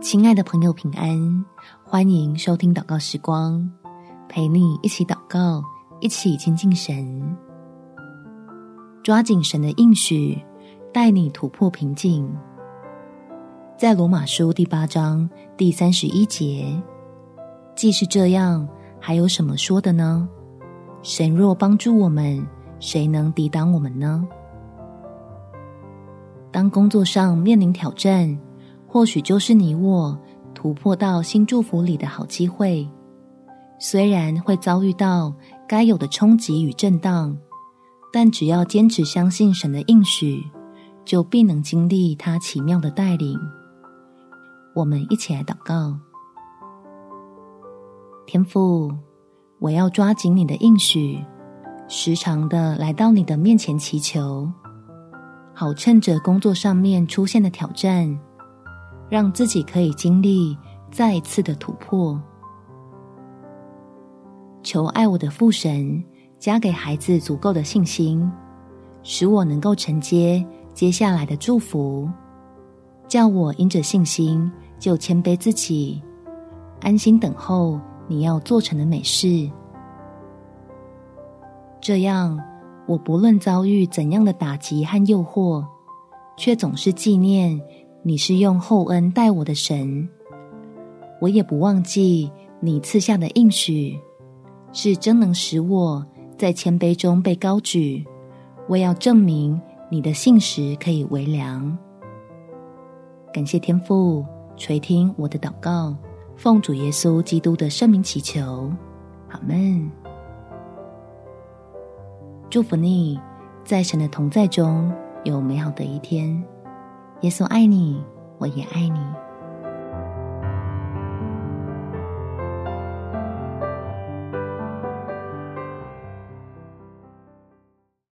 親愛的朋友，平安！歡迎收聽禱告時光，陪你一起禱告，一起親近神，抓緊神的應許，帶你突破瓶頸。在羅馬書第八章第三十一節，既是這樣，還有什麼說的呢？神若幫助我們，誰能敵擋我們呢？當工作上面臨挑戰，或許就是你我突破到新祝福裡的好機會。雖然會遭遇到該有的衝擊與震盪，但只要堅持相信神的應許，就必能經歷他奇妙的帶領。我們一起來禱告，天父，我要抓緊你的應許，時常的來到你的面前祈求，好趁着工作上面出現的挑戰，讓自己可以經歷再一次的突破。求愛我的父神，加給孩子足夠的信心，使我能夠承接接下來的祝福。叫我因着信心就謙卑自己，安心等候你要做成的美事。這樣，我不論遭遇怎樣的打擊和誘惑，卻總是紀念。你是用厚恩待我的神，我也不忘記你賜下的應許，是真能使我在謙卑中被高舉。我要證明你的信實可以為糧。感謝天父垂聽我的禱告，奉主耶穌基督的聖名祈求，阿門。祝福你在神的同在中有美好的一天。耶穌愛你，我也愛你。